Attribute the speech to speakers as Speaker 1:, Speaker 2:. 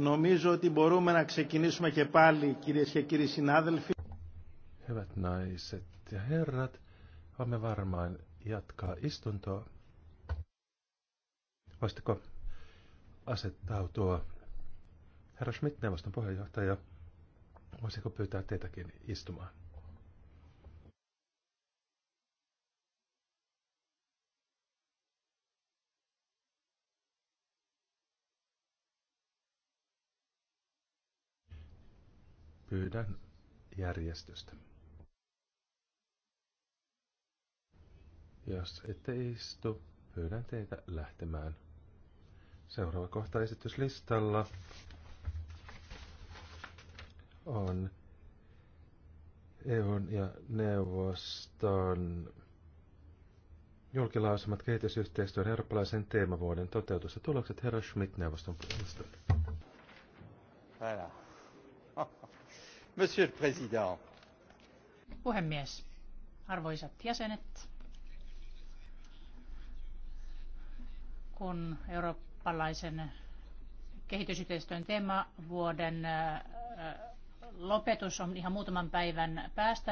Speaker 1: Νομίζω ότι μπορούμε να ξεκινήσουμε και πάλι, κυρίες και κύριοι συνάδελφοι.
Speaker 2: Hyvät naiset ja herrat, voimme varmaan jatkaa istuntoa. Voisitteko asettautua? Herra Schmidt, neuvoston puheenjohtaja, voisiko pyytää teitäkin istumaan? Pyydän järjestystä. Jos ette istu, pyydän teitä lähtemään. Seuraava kohta esityslistalla on EUn ja neuvoston julkilausumat kehitysyhteistyön eurooppalaisen teemavuoden ja Tulokset herra Schmidt neuvoston puolesta.
Speaker 3: Monsieur le Président.
Speaker 4: Puhemies, arvoisat jäsenet, kun eurooppalaisen kehitysyhteistyön teemavuoden vuoden äh, äh, lopetus on ihan muutaman päivän päästä,